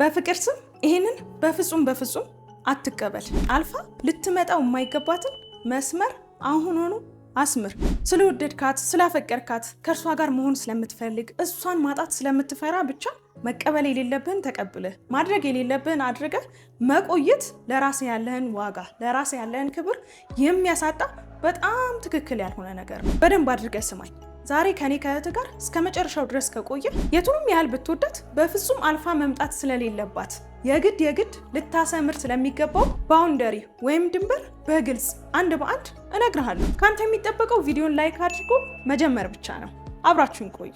በፍቅር ስም ይሄንን በፍጹም በፍጹም አትቀበል። አልፋ ልትመጣው የማይገባትን መስመር አሁን ሆኖ አስምር። ስለወደድካት፣ ስላፈቀርካት፣ ከእርሷ ጋር መሆን ስለምትፈልግ፣ እሷን ማጣት ስለምትፈራ ብቻ መቀበል የሌለብህን ተቀብለ ማድረግ የሌለብህን አድርገህ መቆየት ለራስ ያለህን ዋጋ ለራስ ያለህን ክብር የሚያሳጣ በጣም ትክክል ያልሆነ ነገር ነው። በደንብ አድርገ ስማኝ። ዛሬ ከኔ ከእህት ጋር እስከ መጨረሻው ድረስ ከቆየ የቱንም ያህል ብትወዳት በፍጹም አልፋ መምጣት ስለሌለባት የግድ የግድ ልታሰምር ስለሚገባው ባውንደሪ ወይም ድንበር በግልጽ አንድ በአንድ እነግርሃለሁ። ከአንተ የሚጠበቀው ቪዲዮን ላይክ አድርጎ መጀመር ብቻ ነው። አብራችሁን ቆዩ።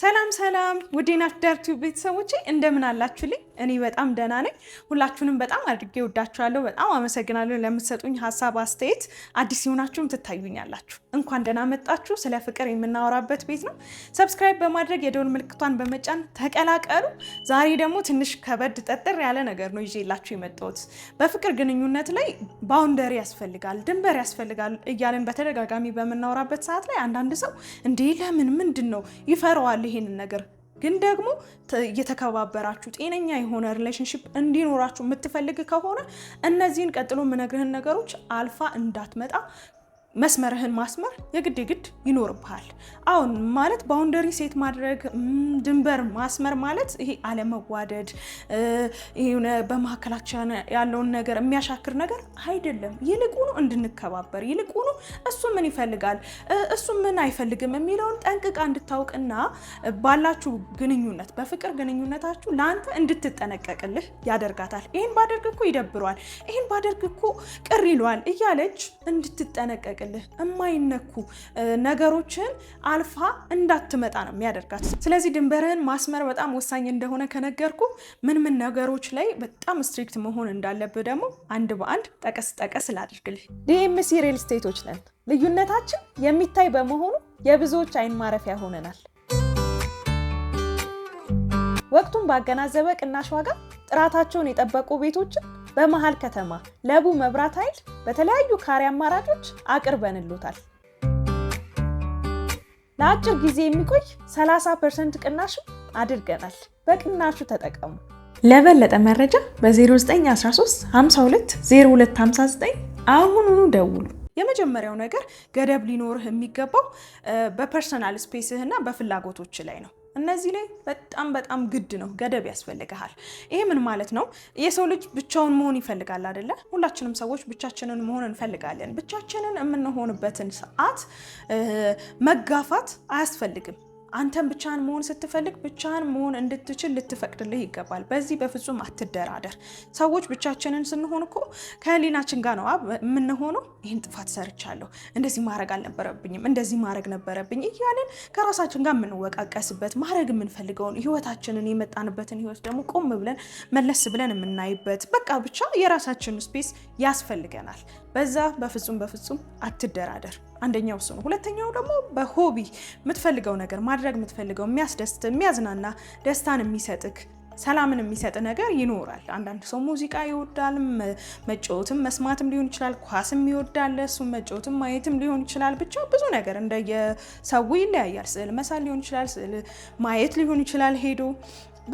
ሰላም ሰላም ውዴና ናፊዳር ቤተሰቦች እንደምን አላችሁልኝ? እኔ በጣም ደህና ነኝ። ሁላችሁንም በጣም አድርጌ ወዳችኋለሁ። በጣም አመሰግናለሁ ለምትሰጡኝ ሀሳብ አስተያየት። አዲስ ሲሆናችሁም ትታዩኛላችሁ፣ እንኳን ደህና መጣችሁ። ስለ ፍቅር የምናወራበት ቤት ነው። ሰብስክራይብ በማድረግ የደወል ምልክቷን በመጫን ተቀላቀሉ። ዛሬ ደግሞ ትንሽ ከበድ ጠጥር ያለ ነገር ነው ይዤላችሁ የመጣሁት። በፍቅር ግንኙነት ላይ ባውንደሪ ያስፈልጋል፣ ድንበር ያስፈልጋል እያለን በተደጋጋሚ በምናወራበት ሰዓት ላይ አንዳንድ ሰው እንዴ ለምን ምንድን ነው ይፈረዋል ይሄንን ነገር ግን ደግሞ እየተከባበራችሁ ጤነኛ የሆነ ሪሌሽንሽፕ እንዲኖራችሁ የምትፈልግ ከሆነ እነዚህን ቀጥሎ የምነግርህን ነገሮች አልፋ እንዳትመጣ መስመርህን ማስመር የግድ የግድ ይኖርብሃል። አሁን ማለት ባውንደሪ ሴት ማድረግ ድንበር ማስመር ማለት ይሄ አለመዋደድ የሆነ በመካከላችን ያለውን ነገር የሚያሻክር ነገር አይደለም። ይልቁኑ እንድንከባበር፣ ይልቁኑ እሱ ምን ይፈልጋል እሱ ምን አይፈልግም የሚለውን ጠንቅቃ እንድታውቅና ባላችሁ ግንኙነት፣ በፍቅር ግንኙነታችሁ ለአንተ እንድትጠነቀቅልህ ያደርጋታል። ይህን ባደርግ እኮ ይደብሯል፣ ይህን ባደርግ እኮ ቅር ይሏል እያለች እንድትጠነቀቅ የሚለቅልህ የማይነኩ ነገሮችን አልፋ እንዳትመጣ ነው የሚያደርጋት። ስለዚህ ድንበርህን ማስመር በጣም ወሳኝ እንደሆነ ከነገርኩ ምን ምን ነገሮች ላይ በጣም ስትሪክት መሆን እንዳለብህ ደግሞ አንድ በአንድ ጠቀስ ጠቀስ ላድርግልህ። ዲኤምሲ ሪል ስቴቶች ነን። ልዩነታችን የሚታይ በመሆኑ የብዙዎች አይን ማረፊያ ሆነናል። ወቅቱን ባገናዘበ ቅናሽ ዋጋ ጥራታቸውን የጠበቁ ቤቶችን በመሀል ከተማ ለቡ መብራት ኃይል በተለያዩ ካሬ አማራጮች አቅርበንሎታል። ለአጭር ጊዜ የሚቆይ 30 ፐርሰንት አድርገናል። በቅናሹ ተጠቀሙ። ለበለጠ መረጃ በ0913 520259 አሁኑኑ ደውሉ። የመጀመሪያው ነገር ገደብ ሊኖርህ የሚገባው በፐርሰናል ስፔስህ እና በፍላጎቶች ላይ ነው። እነዚህ ላይ በጣም በጣም ግድ ነው፣ ገደብ ያስፈልግሃል። ይሄ ምን ማለት ነው? የሰው ልጅ ብቻውን መሆን ይፈልጋል አይደለ? ሁላችንም ሰዎች ብቻችንን መሆን እንፈልጋለን። ብቻችንን የምንሆንበትን ሰዓት መጋፋት አያስፈልግም። አንተን ብቻህን መሆን ስትፈልግ ብቻህን መሆን እንድትችል ልትፈቅድልህ ይገባል። በዚህ በፍጹም አትደራደር። ሰዎች ብቻችንን ስንሆን እኮ ከህሊናችን ጋር ነው የምንሆነው። ይህን ጥፋት ሰርቻለሁ፣ እንደዚህ ማድረግ አልነበረብኝም፣ እንደዚህ ማድረግ ነበረብኝ እያለን ከራሳችን ጋር የምንወቃቀስበት ማድረግ የምንፈልገውን ህይወታችንን የመጣንበትን ህይወት ደግሞ ቆም ብለን መለስ ብለን የምናይበት በቃ ብቻ የራሳችን ስፔስ ያስፈልገናል። በዛ በፍጹም በፍጹም አትደራደር። አንደኛው እሱ ነው። ሁለተኛው ደግሞ በሆቢ የምትፈልገው ነገር ማድረግ የምትፈልገው የሚያስደስት፣ የሚያዝናና፣ ደስታን የሚሰጥክ ሰላምን የሚሰጥ ነገር ይኖራል። አንዳንድ ሰው ሙዚቃ ይወዳል፣ መጫወትም መስማትም ሊሆን ይችላል። ኳስም ይወዳል፣ እሱ መጫወትም ማየትም ሊሆን ይችላል። ብቻ ብዙ ነገር እንደየሰው ይለያያል። ስዕል መሳል ሊሆን ይችላል፣ ስዕል ማየት ሊሆን ይችላል ሄዶ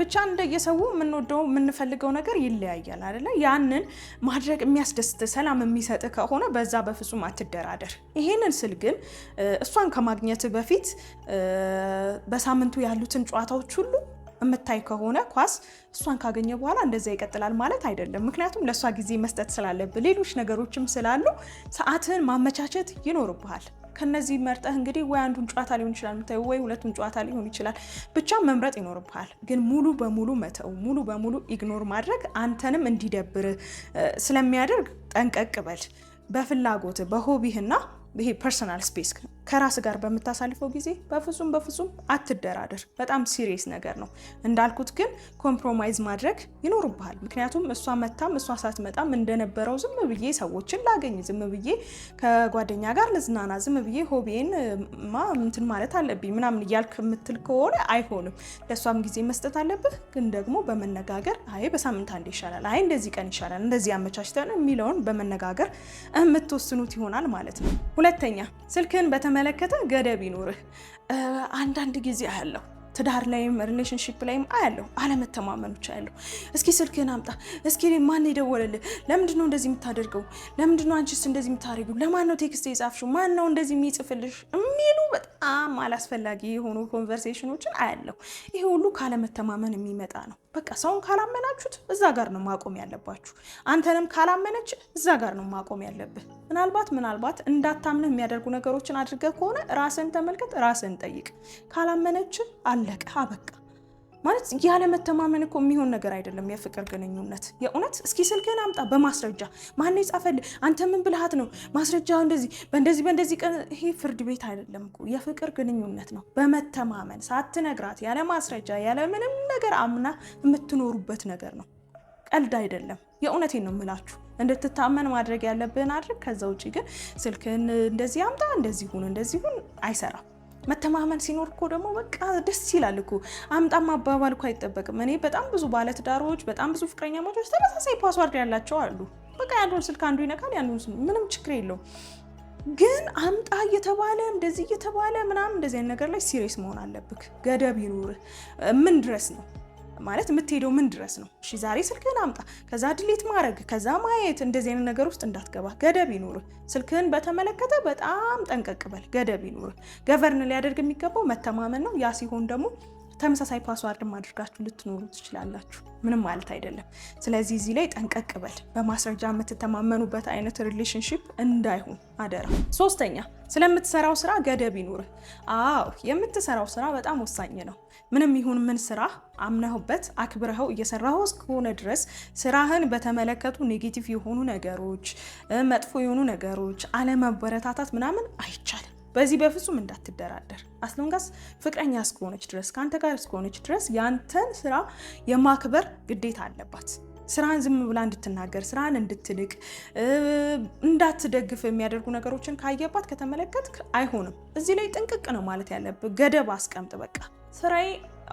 ብቻ እንደየሰው የምንወደው የምንፈልገው ነገር ይለያያል አይደለ? ያንን ማድረግ የሚያስደስት ሰላም የሚሰጥ ከሆነ በዛ በፍጹም አትደራደር። ይሄንን ስል ግን እሷን ከማግኘት በፊት በሳምንቱ ያሉትን ጨዋታዎች ሁሉ የምታይ ከሆነ ኳስ እሷን ካገኘ በኋላ እንደዛ ይቀጥላል ማለት አይደለም። ምክንያቱም ለእሷ ጊዜ መስጠት ስላለብ ሌሎች ነገሮችም ስላሉ ሰዓትን ማመቻቸት ይኖርብሃል። ከነዚህ መርጠህ እንግዲህ ወይ አንዱን ጨዋታ ሊሆን ይችላል ምታዩ፣ ወይ ሁለቱን ጨዋታ ሊሆን ይችላል ብቻ መምረጥ ይኖርብሃል። ግን ሙሉ በሙሉ መተው ሙሉ በሙሉ ኢግኖር ማድረግ አንተንም እንዲደብር ስለሚያደርግ ጠንቀቅ በል። በፍላጎት በሆቢህና ይሄ ፐርሰናል ስፔስ ከራስ ጋር በምታሳልፈው ጊዜ በፍጹም በፍጹም አትደራደር። በጣም ሲሪየስ ነገር ነው። እንዳልኩት ግን ኮምፕሮማይዝ ማድረግ ይኖርብሃል። ምክንያቱም እሷ መታም እሷ ሳትመጣም እንደነበረው ዝም ብዬ ሰዎችን ላገኝ፣ ዝም ብዬ ከጓደኛ ጋር ልዝናና፣ ዝም ብዬ ሆቤን ማ እንትን ማለት አለብኝ ምናምን እያልክ የምትል ከሆነ አይሆንም። ለእሷም ጊዜ መስጠት አለብህ። ግን ደግሞ በመነጋገር አይ በሳምንት አንድ ይሻላል፣ አይ እንደዚህ ቀን ይሻላል፣ እንደዚህ አመቻችተን የሚለውን በመነጋገር የምትወስኑት ይሆናል ማለት ነው። ሁለተኛ ስልክን በተ በተመለከተ ገደብ ይኑርህ። አንዳንድ ጊዜ አያለሁ ትዳር ላይም ሪሌሽንሽፕ ላይም አያለሁ አለመተማመኖች አያለሁ። እስኪ ስልክህን አምጣ፣ እስኪ ማን የደወለልህ? ለምንድን ነው እንደዚህ የምታደርገው? ለምንድን ነው አንቺስ እንደዚህ የምታደርጊው? ለማን ነው ቴክስት የጻፍሽው? ማን ነው እንደዚህ የሚጽፍልሽ? የሚሉ በጣም አላስፈላጊ የሆኑ ኮንቨርሴሽኖችን አያለሁ። ይሄ ሁሉ ካለመተማመን የሚመጣ ነው። በቃ ሰውን ካላመናችሁት እዛ ጋር ነው ማቆም ያለባችሁ። አንተንም ካላመነች እዛ ጋር ነው ማቆም ያለብህ። ምናልባት ምናልባት እንዳታምንህ የሚያደርጉ ነገሮችን አድርገህ ከሆነ ራስን ተመልከት፣ ራስን ጠይቅ። ካላመነች አለቀ፣ አበቃ። ማለት ያለመተማመን እኮ የሚሆን ነገር አይደለም። የፍቅር ግንኙነት የእውነት እስኪ ስልክህን አምጣ በማስረጃ ማን ይጻፈል? አንተ ምን ብልሃት ነው ማስረጃ እንደዚህ በእንደዚህ በእንደዚህ ቀን። ይሄ ፍርድ ቤት አይደለም እኮ የፍቅር ግንኙነት ነው። በመተማመን ሳትነግራት ያለ ማስረጃ ያለ ምንም ነገር አምና የምትኖሩበት ነገር ነው። ቀልድ አይደለም። የእውነቴን ነው የምላችሁ። እንድትታመን ማድረግ ያለብህን አድርግ። ከዛ ውጭ ግን ስልክህን እንደዚህ አምጣ እንደዚህ ሁን እንደዚህ ሁን አይሰራም። መተማመን ሲኖር እኮ ደግሞ በቃ ደስ ይላል እኮ አምጣም አባባል እኮ አይጠበቅም። እኔ በጣም ብዙ ባለትዳሮች፣ በጣም ብዙ ፍቅረኛ ማቾች ተመሳሳይ ፓስዋርድ ያላቸው አሉ። በቃ ያንዱን ስልክ አንዱ ይነካል፣ ያንዱን ምንም ችግር የለውም። ግን አምጣ እየተባለ እንደዚህ እየተባለ ምናምን እንደዚህ አይነት ነገር ላይ ሲሪየስ መሆን አለብክ። ገደብ ይኑር። ምን ድረስ ነው ማለት የምትሄደው ምን ድረስ ነው? እሺ ዛሬ ስልክህን አምጣ፣ ከዛ ድሌት ማድረግ፣ ከዛ ማየት፣ እንደዚህ አይነት ነገር ውስጥ እንዳትገባ ገደብ ይኑርህ። ስልክህን በተመለከተ በጣም ጠንቀቅ በል፣ ገደብ ይኑርህ። ገቨርን ሊያደርግ የሚገባው መተማመን ነው። ያ ሲሆን ደግሞ ተመሳሳይ ፓስዋርድም አድርጋችሁ ልትኖሩ ትችላላችሁ። ምንም ማለት አይደለም። ስለዚህ እዚህ ላይ ጠንቀቅ በል። በማስረጃ የምትተማመኑበት አይነት ሪሌሽንሽፕ እንዳይሆን አደራ። ሶስተኛ ስለምትሰራው ስራ ገደብ ይኑርህ። አዎ የምትሰራው ስራ በጣም ወሳኝ ነው። ምንም ይሁን ምን ስራ አምነህበት አክብረኸው እየሰራኸው እስከሆነ ድረስ ስራህን በተመለከቱ ኔጌቲቭ የሆኑ ነገሮች፣ መጥፎ የሆኑ ነገሮች፣ አለመበረታታት ምናምን አይቻልም። በዚህ በፍጹም እንዳትደራደር። አስሎንጋስ ፍቅረኛ እስከሆነች ድረስ ከአንተ ጋር እስከሆነች ድረስ ያንተን ስራ የማክበር ግዴታ አለባት። ስራን ዝም ብላ እንድትናገር ስራን እንድትንቅ እንዳትደግፍ የሚያደርጉ ነገሮችን ካየባት ከተመለከት አይሆንም። እዚህ ላይ ጥንቅቅ ነው ማለት ያለብህ። ገደብ አስቀምጥ። በቃ ስራዬ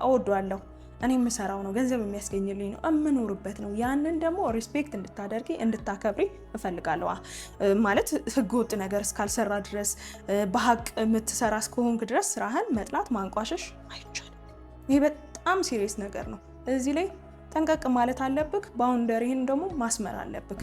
እወደዋለሁ እኔ የምሰራው ነው፣ ገንዘብ የሚያስገኝልኝ ነው፣ የምኖርበት ነው። ያንን ደግሞ ሪስፔክት እንድታደርጊ እንድታከብሪ እፈልጋለዋ ማለት ህገወጥ ወጥ ነገር እስካልሰራ ድረስ በሀቅ የምትሰራ እስከሆንክ ድረስ ስራህን መጥላት ማንቋሸሽ አይቻልም። ይሄ በጣም ሲሪየስ ነገር ነው። እዚህ ላይ ጠንቀቅ ማለት አለብክ ባውንደሪህን ደግሞ ማስመር አለብክ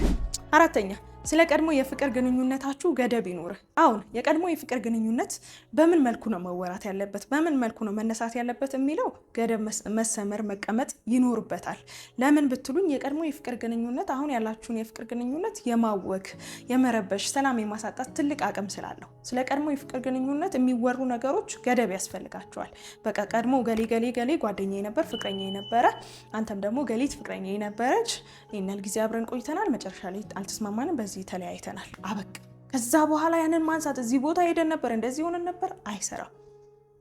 አራተኛ ስለ ቀድሞ የፍቅር ግንኙነታችሁ ገደብ ይኖርህ። አሁን የቀድሞ የፍቅር ግንኙነት በምን መልኩ ነው መወራት ያለበት፣ በምን መልኩ ነው መነሳት ያለበት የሚለው ገደብ መሰመር መቀመጥ ይኖርበታል። ለምን ብትሉኝ የቀድሞ የፍቅር ግንኙነት አሁን ያላችሁን የፍቅር ግንኙነት የማወክ የመረበሽ፣ ሰላም የማሳጣት ትልቅ አቅም ስላለው ስለ ቀድሞ የፍቅር ግንኙነት የሚወሩ ነገሮች ገደብ ያስፈልጋቸዋል። በቃ ቀድሞ ገሌ ገሌ ገሌ ጓደኛ ነበር፣ ፍቅረኛ ነበረ፣ አንተም ደግሞ ገሊት ፍቅረኛ ነበረች፣ ይህን ያህል ጊዜ አብረን ቆይተናል፣ መጨረሻ ላይ አልተስማማንም ከዚህ ተለያይተናል፣ አበቃ። ከዛ በኋላ ያንን ማንሳት እዚህ ቦታ ሄደን ነበር፣ እንደዚህ ሆነን ነበር፣ አይሰራም።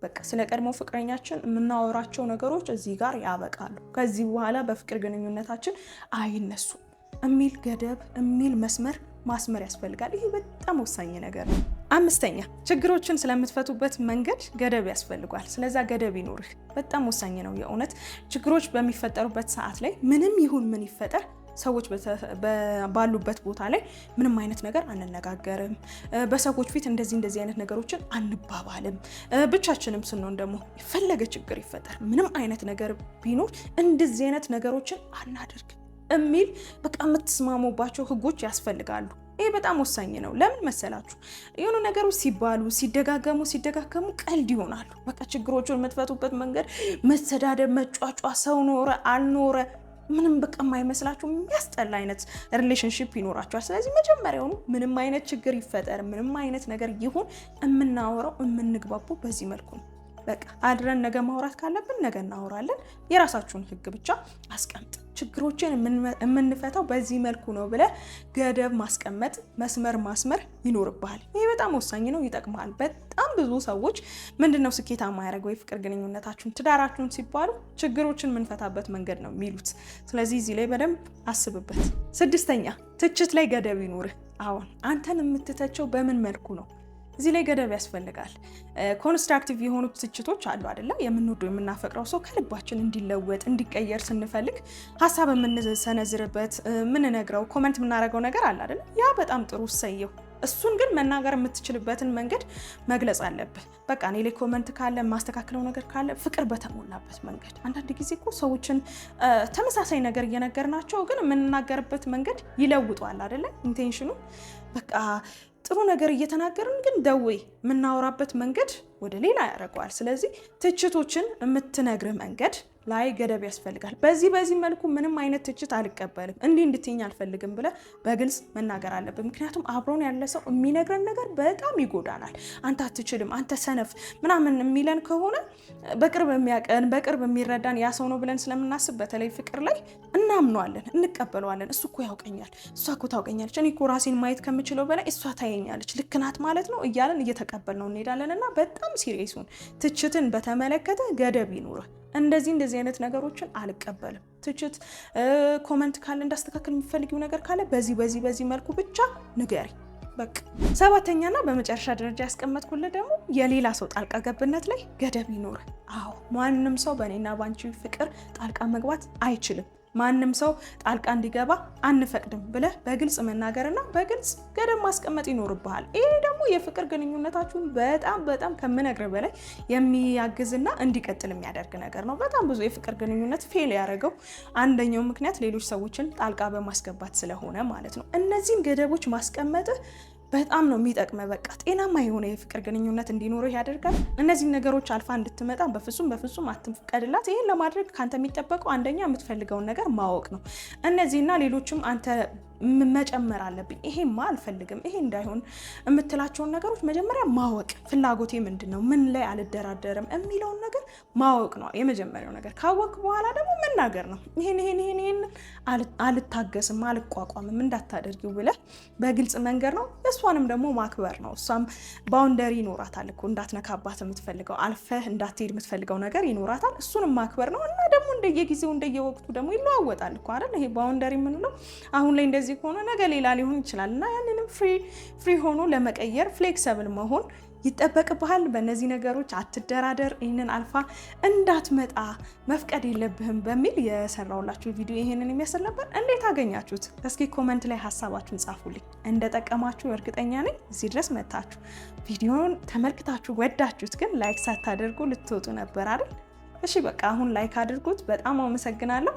በቃ ስለ ቀድሞ ፍቅረኛችን የምናወራቸው ነገሮች እዚህ ጋር ያበቃሉ። ከዚህ በኋላ በፍቅር ግንኙነታችን አይነሱም የሚል ገደብ የሚል መስመር ማስመር ያስፈልጋል። ይሄ በጣም ወሳኝ ነገር ነው። አምስተኛ ችግሮችን ስለምትፈቱበት መንገድ ገደብ ያስፈልጓል። ስለዛ ገደብ ይኖርህ በጣም ወሳኝ ነው። የእውነት ችግሮች በሚፈጠሩበት ሰዓት ላይ ምንም ይሁን ምን ይፈጠር ሰዎች ባሉበት ቦታ ላይ ምንም አይነት ነገር አንነጋገርም፣ በሰዎች ፊት እንደዚህ እንደዚህ አይነት ነገሮችን አንባባልም። ብቻችንም ስንሆን ደግሞ የፈለገ ችግር ይፈጠር፣ ምንም አይነት ነገር ቢኖር እንደዚህ አይነት ነገሮችን አናደርግም የሚል በቃ የምትስማሙባቸው ህጎች ያስፈልጋሉ። ይሄ በጣም ወሳኝ ነው። ለምን መሰላችሁ? የሆኑ ነገሮች ሲባሉ ሲደጋገሙ ሲደጋገሙ ቀልድ ይሆናሉ። በቃ ችግሮቹን የምትፈቱበት መንገድ መሰዳደብ፣ መጫጫ፣ ሰው ኖረ አልኖረ ምንም በቃ የማይመስላችሁ የሚያስጠላ አይነት ሪሌሽንሽፕ ይኖራችኋል። ስለዚህ መጀመሪያውኑ ምንም አይነት ችግር ይፈጠር፣ ምንም አይነት ነገር ይሁን፣ የምናወራው የምንግባቡ በዚህ መልኩ ነው። በቃ አድረን ነገ ማውራት ካለብን ነገ እናወራለን። የራሳችሁን ህግ ብቻ አስቀምጥ። ችግሮችን የምንፈታው በዚህ መልኩ ነው ብለ ገደብ ማስቀመጥ፣ መስመር ማስመር ይኖርብሃል። ይህ በጣም ወሳኝ ነው፣ ይጠቅማል። በጣም ብዙ ሰዎች ምንድን ነው ስኬታማ ያደረገው የፍቅር ግንኙነታችሁን ትዳራችሁን ሲባሉ ችግሮችን የምንፈታበት መንገድ ነው የሚሉት። ስለዚህ እዚህ ላይ በደንብ አስብበት። ስድስተኛ ትችት ላይ ገደብ ይኖርህ። አሁን አንተን የምትተቸው በምን መልኩ ነው? እዚህ ላይ ገደብ ያስፈልጋል። ኮንስትራክቲቭ የሆኑ ትችቶች አሉ አደለ? የምንወደው የምናፈቅረው ሰው ከልባችን እንዲለወጥ እንዲቀየር ስንፈልግ ሀሳብ የምንሰነዝርበት የምንነግረው ኮመንት የምናደርገው ነገር አለ አደለ? ያ በጣም ጥሩ ሰየው እሱን ግን መናገር የምትችልበትን መንገድ መግለጽ አለብህ። በቃ እኔ ላይ ኮመንት ካለ የማስተካክለው ነገር ካለ ፍቅር በተሞላበት መንገድ። አንዳንድ ጊዜ እኮ ሰዎችን ተመሳሳይ ነገር እየነገርናቸው ግን የምንናገርበት መንገድ ይለውጧል አደለ? ኢንቴንሽኑ በቃ ጥሩ ነገር እየተናገርን ግን ደዌ የምናወራበት መንገድ ወደ ሌላ ያደርገዋል። ስለዚህ ትችቶችን የምትነግር መንገድ ላይ ገደብ ያስፈልጋል። በዚህ በዚህ መልኩ ምንም አይነት ትችት አልቀበልም፣ እንዲህ እንድትኝ አልፈልግም ብለ በግልጽ መናገር አለብን። ምክንያቱም አብሮን ያለ ሰው የሚነግረን ነገር በጣም ይጎዳናል። አንተ አትችልም፣ አንተ ሰነፍ ምናምን የሚለን ከሆነ በቅርብ የሚያቀን በቅርብ የሚረዳን ያ ሰው ነው ብለን ስለምናስብ በተለይ ፍቅር ላይ እናምነዋለን፣ እንቀበለዋለን። እሱ እኮ ያውቀኛል፣ እሷ እኮ ታውቀኛለች፣ እኔ እኮ ራሴን ማየት ከምችለው በላይ እሷ ታየኛለች፣ ልክ ናት ማለት ነው እያለን ነው እንሄዳለን። እና በጣም ሲሪየሱን ትችትን በተመለከተ ገደብ ይኑርህ። እንደዚህ እንደዚህ አይነት ነገሮችን አልቀበልም። ትችት፣ ኮመንት ካለ እንዳስተካከል የሚፈልጊው ነገር ካለ በዚህ በዚህ በዚህ መልኩ ብቻ ንገሪ። በቃ ሰባተኛና በመጨረሻ ደረጃ ያስቀመጥኩልህ ደግሞ የሌላ ሰው ጣልቃ ገብነት ላይ ገደብ ይኖር። አዎ ማንም ሰው በእኔና በአንቺ ፍቅር ጣልቃ መግባት አይችልም። ማንም ሰው ጣልቃ እንዲገባ አንፈቅድም ብለህ በግልጽ መናገርና በግልጽ ገደብ ማስቀመጥ ይኖርብሃል። ይሄ ደግሞ የፍቅር ግንኙነታችሁን በጣም በጣም ከምነግር በላይ የሚያግዝና እንዲቀጥል የሚያደርግ ነገር ነው። በጣም ብዙ የፍቅር ግንኙነት ፌል ያደረገው አንደኛው ምክንያት ሌሎች ሰዎችን ጣልቃ በማስገባት ስለሆነ ማለት ነው። እነዚህን ገደቦች ማስቀመጥህ በጣም ነው የሚጠቅመ። በቃ ጤናማ የሆነ የፍቅር ግንኙነት እንዲኖረ ያደርጋል። እነዚህን ነገሮች አልፋ እንድትመጣ በፍጹም በፍጹም አትፍቀድላት። ይህን ለማድረግ ከአንተ የሚጠበቀው አንደኛ የምትፈልገውን ነገር ማወቅ ነው። እነዚህና ሌሎችም አንተ መጨመር አለብኝ፣ ይሄማ አልፈልግም፣ ይሄ እንዳይሆን የምትላቸውን ነገሮች መጀመሪያ ማወቅ፣ ፍላጎቴ ምንድን ነው፣ ምን ላይ አልደራደርም የሚለውን ነገር ማወቅ ነው የመጀመሪያው ነገር። ካወቅ በኋላ ደግሞ መናገር ነው። ይሄን ይሄን ይሄን ይሄን አልታገስም፣ አልቋቋምም እንዳታደርጊው ብለህ በግልጽ መንገድ ነው። እሷንም ደግሞ ማክበር ነው። እሷም ባውንደሪ ይኖራታል እኮ እንዳትነካባት የምትፈልገው አልፈህ እንዳትሄድ የምትፈልገው ነገር ይኖራታል። እሱንም ማክበር ነው እና ደግሞ እንደየጊዜው እንደየወቅቱ ደግሞ ይለዋወጣል እኮ አይደል? ይሄ ባውንደሪ የምንለው አሁን ላይ እንደዚህ ከሆነ ነገ ሌላ ሊሆን ይችላል እና ያንንም ፍሪ ፍሪ ሆኖ ለመቀየር ፍሌክሰብል መሆን ይጠበቅብሃል። በእነዚህ ነገሮች አትደራደር፣ ይህንን አልፋ እንዳትመጣ መፍቀድ የለብህም በሚል የሰራውላችሁ ቪዲዮ ይህንን የሚያስል ነበር። እንዴት አገኛችሁት? እስኪ ኮመንት ላይ ሀሳባችሁን ጻፉልኝ። እንደጠቀማችሁ እርግጠኛ ነኝ። እዚህ ድረስ መታችሁ ቪዲዮን ተመልክታችሁ ወዳችሁት ግን ላይክ ሳታደርጉ ልትወጡ ነበር አይደል? እሺ በቃ አሁን ላይክ አድርጉት። በጣም አመሰግናለሁ።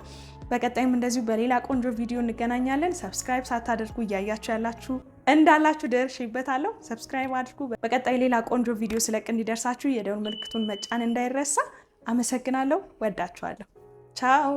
በቀጣይም እንደዚሁ በሌላ ቆንጆ ቪዲዮ እንገናኛለን። ሰብስክራይብ ሳታደርጉ እያያችሁ ያላችሁ እንዳላችሁ ደርሼበታለሁ። ሰብስክራይብ አድርጉ። በቀጣይ ሌላ ቆንጆ ቪዲዮ ስለቅ እንዲደርሳችሁ የደውል ምልክቱን መጫን እንዳይረሳ። አመሰግናለሁ። ወዳችኋለሁ። ቻው